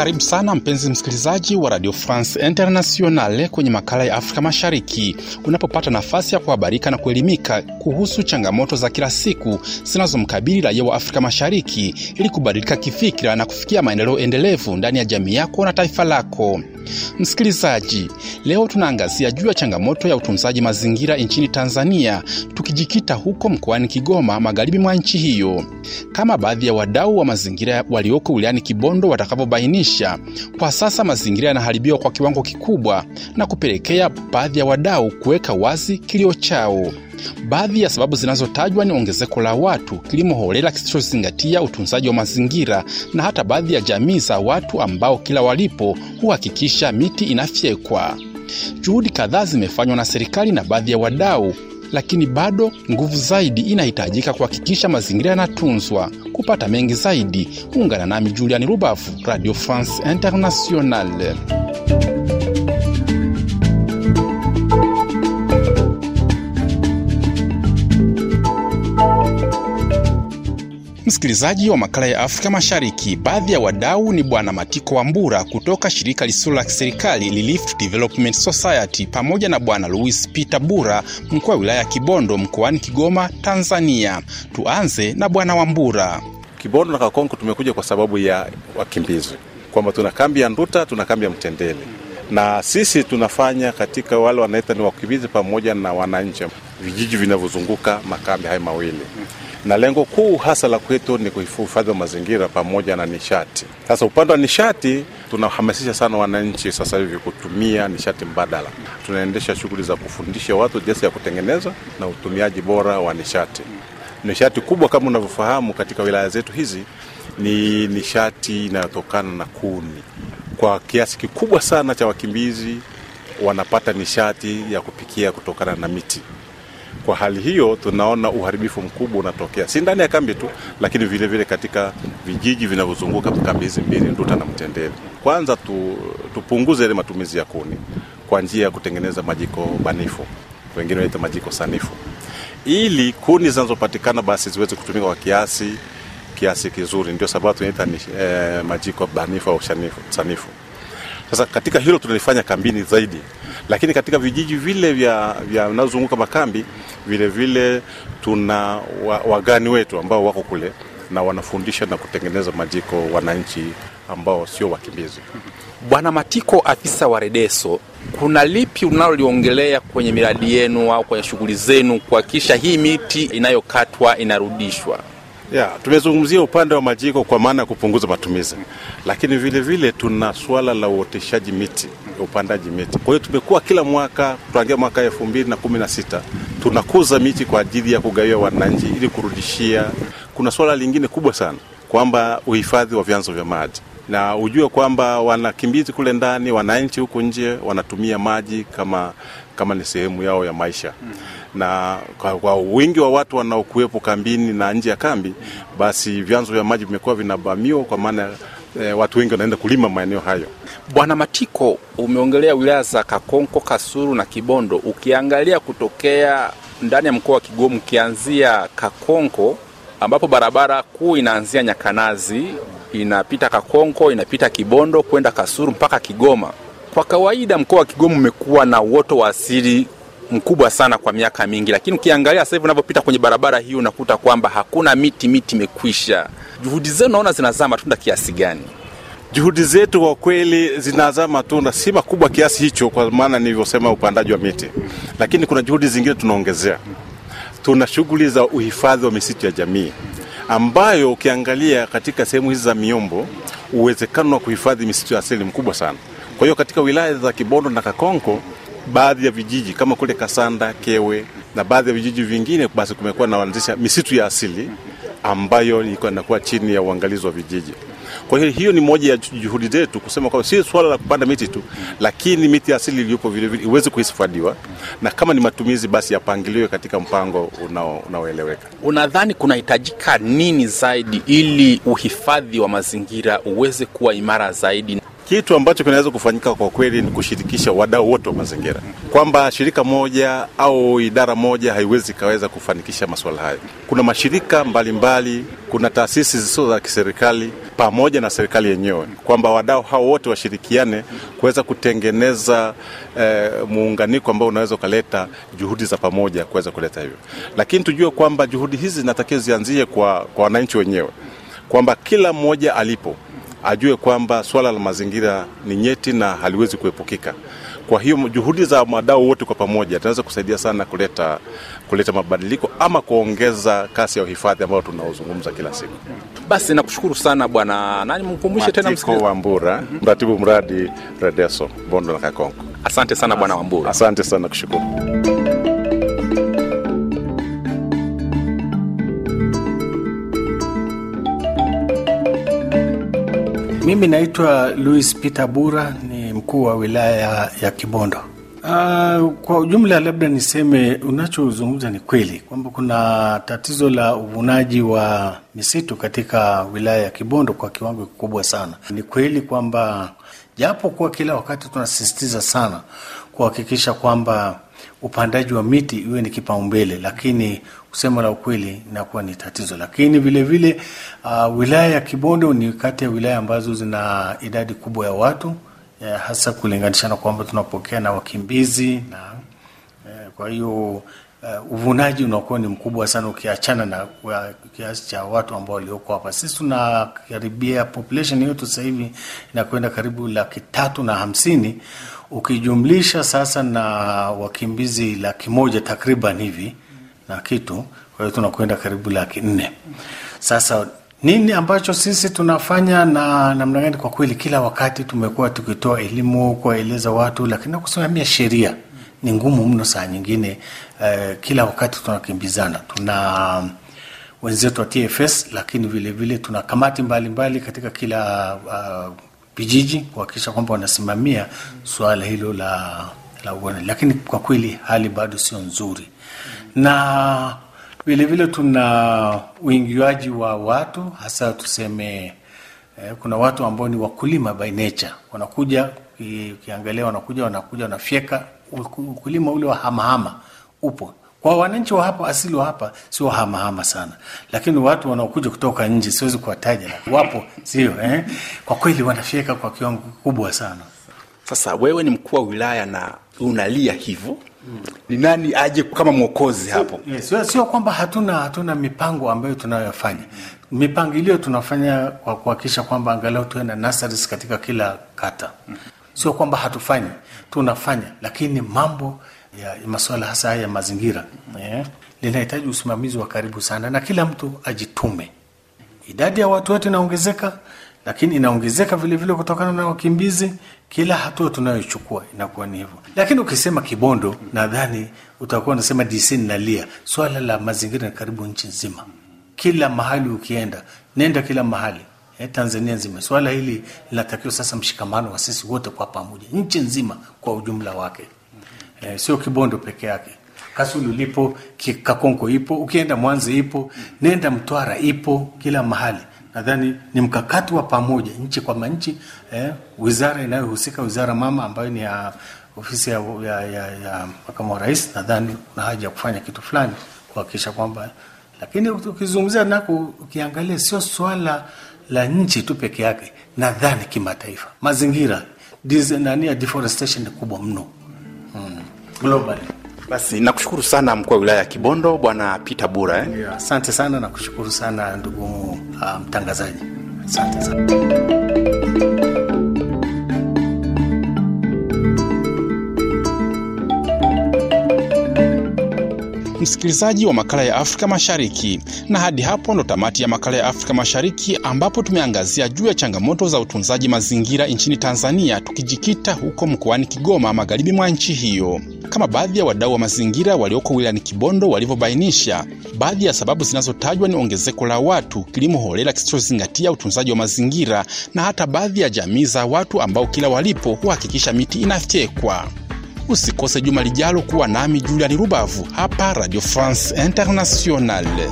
Karibu sana mpenzi msikilizaji wa Radio France Internationale kwenye makala ya Afrika Mashariki, unapopata nafasi ya kuhabarika na kuelimika kuhusu changamoto za kila siku zinazomkabili raia wa Afrika Mashariki ili kubadilika kifikira na kufikia maendeleo endelevu ndani ya jamii yako na taifa lako. Msikilizaji, leo tunaangazia juu ya changamoto ya utunzaji mazingira nchini Tanzania, tukijikita huko mkoani Kigoma, magharibi mwa nchi hiyo. Kama baadhi ya wadau wa mazingira walioko wilayani Kibondo watakavyobainisha, kwa sasa mazingira yanaharibiwa kwa kiwango kikubwa na kupelekea baadhi ya wadau kuweka wazi kilio chao. Baadhi ya sababu zinazotajwa ni ongezeko la watu, kilimo holela kisichozingatia utunzaji wa mazingira, na hata baadhi ya jamii za watu ambao kila walipo huhakikisha miti inafyekwa. Juhudi kadhaa zimefanywa na serikali na baadhi ya wadau lakini bado nguvu zaidi inahitajika kuhakikisha mazingira yanatunzwa. Kupata mengi zaidi, ungana nami Juliani Rubavu, Radio France Internationale. Msikilizaji wa makala ya Afrika Mashariki, baadhi ya wadau ni Bwana Matiko Wambura kutoka shirika lisilo la kiserikali Relief Development Society pamoja na Bwana Louis Peter Bura, mkuu wa wilaya ya Kibondo mkoani Kigoma, Tanzania. Tuanze na Bwana Wambura. Kibondo na kakongo tumekuja kwa sababu ya wakimbizi, kwamba tuna kambi ya Nduta, tuna kambi ya Mtendeli na sisi tunafanya katika wale wanaita ni wakimbizi pamoja na wananchi vijiji vinavyozunguka makambi haya mawili na lengo kuu hasa la kwetu ni kuhifadhi wa mazingira pamoja na nishati. Sasa upande wa nishati tunahamasisha sana wananchi sasa hivi kutumia nishati mbadala. Tunaendesha shughuli za kufundisha watu jinsi ya kutengeneza na utumiaji bora wa nishati. Nishati kubwa kama unavyofahamu katika wilaya zetu hizi ni nishati inayotokana na kuni. Kwa kiasi kikubwa sana cha wakimbizi wanapata nishati ya kupikia kutokana na miti. Kwa hali hiyo, tunaona uharibifu mkubwa unatokea si ndani ya kambi tu, lakini vilevile vile katika vijiji vinavyozunguka kambi hizi mbili, Nduta na Mtendeli. Kwanza tu, tupunguze ile matumizi ya kuni kwa njia ya kutengeneza majiko banifu, wengine wanaita majiko sanifu, ili kuni zinazopatikana basi ziweze kutumika kwa kiasi kiasi kizuri. Ndio sababu tunaita ni eh, majiko banifu au sanifu. Sasa katika hilo tunalifanya kambini zaidi, lakini katika vijiji vile vya vinazunguka makambi vile vile tuna wagani wetu ambao wako kule na wanafundisha na kutengeneza majiko wananchi ambao sio wakimbizi. Bwana Matiko, afisa wa Redeso, kuna lipi unaloliongelea kwenye miradi yenu au kwenye shughuli zenu kuhakikisha hii miti inayokatwa inarudishwa? Yeah, tumezungumzia upande wa majiko kwa maana ya kupunguza matumizi, lakini vile vile tuna suala la uoteshaji miti, upandaji miti. Kwa hiyo tumekuwa kila mwaka tuangia mwaka elfu mbili na kumi na sita tunakuza miti kwa ajili ya kugawia wananchi ili kurudishia. Kuna swala lingine kubwa sana kwamba uhifadhi wa vyanzo vya maji na ujue kwamba wanakimbizi kule ndani, wananchi huku nje wanatumia maji kama, kama ni sehemu yao ya maisha mm -hmm. na kwa, kwa wingi wa watu wanaokuwepo kambini na nje ya kambi, basi vyanzo vya maji vimekuwa vinavamiwa kwa maana E, watu wengi wanaenda kulima maeneo hayo. Bwana Matiko, umeongelea wilaya za Kakonko, Kasulu na Kibondo. Ukiangalia kutokea ndani ya mkoa wa Kigoma, ukianzia Kakonko ambapo barabara kuu inaanzia Nyakanazi inapita Kakonko, inapita Kibondo kwenda Kasuru mpaka Kigoma. Kwa kawaida mkoa wa Kigoma umekuwa na uoto wa asili mkubwa sana kwa miaka mingi, lakini ukiangalia sasa hivi unavyopita kwenye barabara hii unakuta kwamba hakuna miti, miti imekwisha. Juhudi zenu naona zinazaa matunda kiasi gani? Juhudi zetu kwa kweli zinazaa matunda, si makubwa kiasi hicho, kwa maana nilivyosema upandaji wa miti, lakini kuna juhudi zingine tunaongezea. Tuna shughuli za uhifadhi wa misitu ya jamii ambayo ukiangalia katika sehemu hizi za miombo uwezekano wa kuhifadhi misitu ya asili mkubwa sana. Kwa hiyo katika wilaya za Kibondo na Kakonko, baadhi ya vijiji kama kule Kasanda, Kewe na baadhi ya vijiji vingine, basi kumekuwa na wanzisha misitu ya asili ambayo inakuwa chini ya uangalizi wa vijiji. Kwa hiyo hiyo ni moja ya juhudi zetu kusema kwamba si swala la kupanda miti tu, lakini miti asili iliyopo vilevile iweze kuhifadhiwa, na kama ni matumizi basi yapangiliwe katika mpango unaoeleweka. Unadhani kunahitajika nini zaidi ili uhifadhi wa mazingira uweze kuwa imara zaidi kitu ambacho kinaweza kufanyika kwa kweli ni kushirikisha wadau wote wa mazingira, kwamba shirika moja au idara moja haiwezi ikaweza kufanikisha masuala hayo. Kuna mashirika mbalimbali mbali, kuna taasisi zisizo za kiserikali pamoja na serikali yenyewe, kwamba wadau hao wote washirikiane kuweza kutengeneza eh, muunganiko ambao unaweza ukaleta juhudi za pamoja kuweza kuleta hivyo, lakini tujue kwamba juhudi hizi zinatakiwa zianzie kwa wananchi wenyewe, kwamba kila mmoja alipo ajue kwamba swala la mazingira ni nyeti na haliwezi kuepukika. Kwa hiyo juhudi za wadau wote kwa pamoja tunaweza kusaidia sana kuleta, kuleta mabadiliko ama kuongeza kasi ya uhifadhi ambayo tunaozungumza kila siku. Basi nakushukuru sana bwana nani, mkumbushe tena msikilizaji Mbura, mratibu mradi Redeso Bondo na Kakonko. Asante sana bwana Wambura, asante sana kushukuru. Mimi naitwa Louis Peter Bura, ni mkuu wa wilaya ya Kibondo. Uh, kwa ujumla labda niseme unachozungumza ni kweli kwamba kuna tatizo la uvunaji wa misitu katika wilaya ya Kibondo kwa kiwango kikubwa sana. Ni kweli kwamba japo kuwa kila wakati tunasisitiza sana kuhakikisha kwamba upandaji wa miti iwe ni kipaumbele, lakini kusema la ukweli inakuwa ni tatizo. Lakini vilevile vile, uh, wilaya ya Kibondo ni kati ya wilaya ambazo zina idadi kubwa ya watu eh, hasa kulinganisha na kwamba tunapokea na wakimbizi na eh, kwa hiyo Uh, uvunaji unakuwa ni mkubwa sana ukiachana na kiasi cha watu ambao walioko hapa. Sisi tunakaribia population yetu sasa hivi inakwenda karibu laki tatu na hamsini Ukijumlisha sasa na wakimbizi laki moja takriban hivi na kitu, kwa hiyo tunakwenda karibu laki nne. Sasa nini ambacho sisi tunafanya na namna gani? Kwa kweli, kila wakati tumekuwa tukitoa elimu, kuwaeleza watu, lakini kusimamia sheria ni ngumu mno saa nyingine. Uh, kila wakati tunakimbizana, tuna wenzetu wa TFS, lakini vilevile vile tuna kamati mbalimbali mbali katika kila uh, vijiji kuhakikisha kwamba wanasimamia suala hilo la, la ugonjwa, lakini kwa kweli hali bado sio nzuri na vilevile tuna uingiwaji wa watu hasa tuseme eh, kuna watu ambao ni wakulima by nature wanakuja, ukiangalia wanakuja wanakuja wanafyeka ukulima ule wa hamahama upo kwa wananchi wa hapa asili wa hapa sio hamahama sana, lakini watu wanaokuja kutoka nje, siwezi kuwataja, wapo sio eh? Kwa kweli wanafyeka kwa kiwango kikubwa sana. Sasa wewe ni mkuu wa wilaya na unalia hivyo Hmm. Ni nani aje kama mwokozi hapo? Eh, sio, yes, kwamba hatuna hatuna mipango ambayo tunayofanya. Mipangilio tunafanya kwa kuhakikisha kwamba angalau tuwe na nurseries katika kila kata. Sio kwamba hatufanyi, tunafanya, lakini mambo ya masuala hasa ya mazingira yeah, linahitaji usimamizi wa karibu sana, na kila mtu ajitume. Idadi ya watu wetu inaongezeka, lakini inaongezeka vilevile kutokana na wakimbizi. Kila hatua tunayochukua inakuwa ni hivyo, lakini ukisema Kibondo, nadhani utakuwa unasema DC ninalia. Swala la mazingira ni karibu nchi nzima, kila mahali ukienda, nenda kila mahali eh, Tanzania nzima swala hili linatakiwa sasa mshikamano wa sisi wote kwa pamoja, nchi nzima kwa ujumla wake eh, sio Kibondo peke yake. Kasulu lipo, Kakonko ipo, ukienda Mwanza ipo, nenda Mtwara ipo, kila mahali. Nadhani ni mkakati wa pamoja nchi kwa manchi, eh, wizara inayohusika wizara mama ambayo ni ya ofisi ya, ya, ya, ya makamu wa rais, nadhani kuna haja ya kufanya kitu fulani kuhakikisha kwamba, lakini ukizungumzia nako, ukiangalia sio swala la nchi tu peke yake, nadhani kimataifa, mazingira nani ya deforestation ni kubwa mno globally. Basi nakushukuru sana mkuu wa wilaya ya Kibondo Bwana Peter Bura eh? Asante yeah, sana nakushukuru sana ndugu ah, mtangazaji um, asante sana. msikilizaji wa makala ya Afrika Mashariki, na hadi hapo ndo tamati ya makala ya Afrika Mashariki, ambapo tumeangazia juu ya changamoto za utunzaji mazingira nchini Tanzania, tukijikita huko mkoani Kigoma, magharibi mwa nchi hiyo, kama baadhi ya wadau wa mazingira walioko wilayani Kibondo walivyobainisha. Baadhi ya sababu zinazotajwa ni ongezeko la watu, kilimo holela kisichozingatia utunzaji wa mazingira, na hata baadhi ya jamii za watu ambao kila walipo huhakikisha miti inafyekwa. Usikose juma lijalo kuwa nami Juliani Rubavu hapa Radio France Internationale.